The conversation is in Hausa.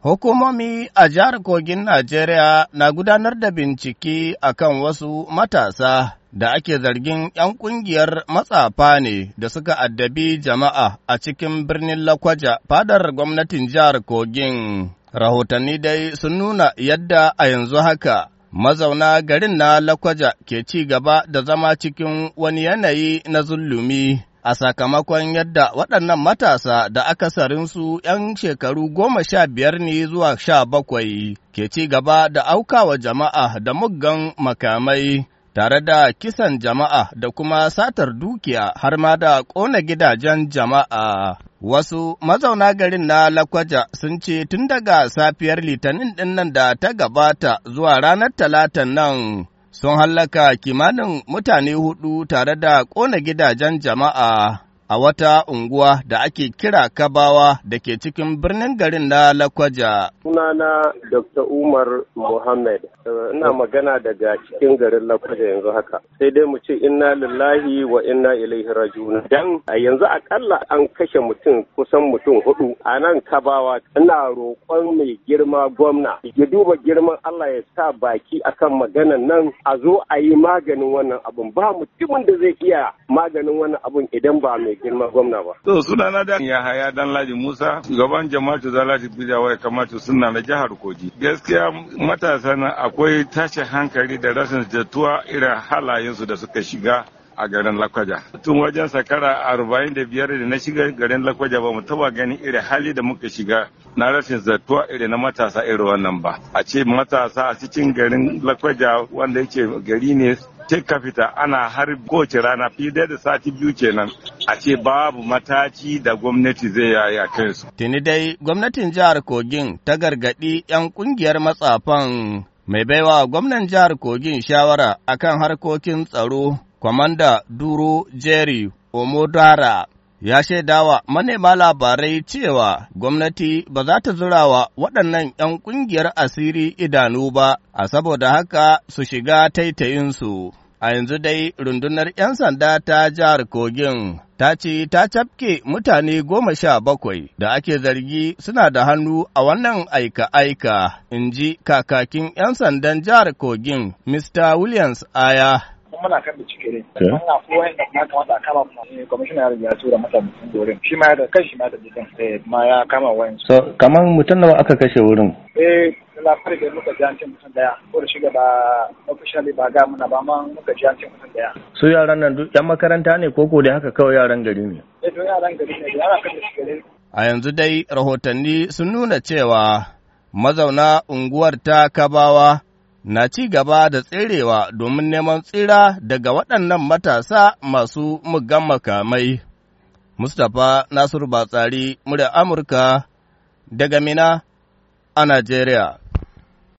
Hukumomi a jihar Kogin Najeriya na gudanar da bincike a kan wasu matasa da ake zargin ‘yan ƙungiyar matsafa ne da suka addabi jama'a a cikin birnin Lakwaja fadar gwamnatin jihar Kogin. Rahotanni dai sun nuna yadda a yanzu haka mazauna garin na Lakwaja ke ci gaba da zama cikin wani yanayi na zulumi. a sakamakon yadda waɗannan matasa da aka su ‘yan shekaru goma sha biyar ne zuwa sha bakwai ke ci gaba da aukawa jama'a da muggan makamai tare da kisan jama'a da kuma satar dukiya har ma da ƙona gidajen jama'a. Wasu mazauna garin na Lakwaja sun ce tun daga safiyar Litinin ɗin nan da ta gabata zuwa ranar Talatan nan. sun hallaka kimanin mutane hudu tare da ƙona gidajen jama'a a wata unguwa da ake kira Kabawa da ke cikin birnin garin na Lakwaja. Sunana Dr. Umar Mohammed, eh, ina magana daga cikin garin Lakwaja yanzu haka. Sai dai mu ce inna lillahi wa inna ilaihi rajiun. Dan a yanzu akalla an kashe mutum kusan mutum hudu a nan Kabawa. Ina roƙon mai girma gwamna ya duba girman Allah ya sa baki akan maganan nan a zo a yi maganin wannan abun. Ba mutumin da zai iya maganin wannan abun idan ba mai girma gwamna ba. To suna na da Yahaya Danladi Musa gaban jama'atu Zalati Bidawa ya kamata suna na jihar Kogi. Gaskiya matasa akwai tashin hankali da rashin jatuwa irin halayensu da suka shiga a garin Lakwaja. Tun wajen sakara arba'in da biyar da na shiga garin Lakwaja ba mu taba ganin irin hali da muka shiga na rashin zartuwa irin na matasa irin wannan ba. A ce matasa a cikin garin Lakwaja wanda yake gari ne take kafita ana har kowace rana fiye da sati biyu kenan a ce babu mataki da gwamnati zai yayi a kansu. Tuni dai gwamnatin jihar Kogin ta gargaɗi 'yan ƙungiyar matsafan mai baiwa gwamnan jihar Kogin shawara a kan harkokin tsaro, kwamanda Duro Jerry Omodara ya shaidawa manema labarai cewa gwamnati ba za ta zurawa waɗannan 'yan ƙungiyar asiri idanu ba, a saboda haka su shiga taitayinsu. A yanzu dai rundunar ‘yan sanda ta jihar Kogin ta ce ta cafke mutane goma sha bakwai da ake zargi suna da hannu a wannan aika-aika, in ji kakakin ‘yan sandan jihar Kogin, Mr. Williams Aya. muna kan da cike ne sannan akwai wanda ya kamata a kama kuma kwamishina ya tura masa mutum dorin shi ma ya da kai, shi ma da jikin eh, ma ya kama wayan so kamar mutum nawa aka kashe wurin eh lafiyar da muka ji an ce mutum daya ko da shiga ba officially ba ga muna ba amma muka ji an ce mutum daya su yaran nan duk yan makaranta ne ko ko da haka kawai yaran gari ne eh to yaran gari ne ana kan da shi a yanzu dai rahotanni sun nuna cewa mazauna unguwar ta kabawa na ci gaba da tserewa domin neman tsira daga waɗannan matasa masu muggan makamai. Mustapha Nasiru Batsari, murya Amurka, daga Mina a Najeriya.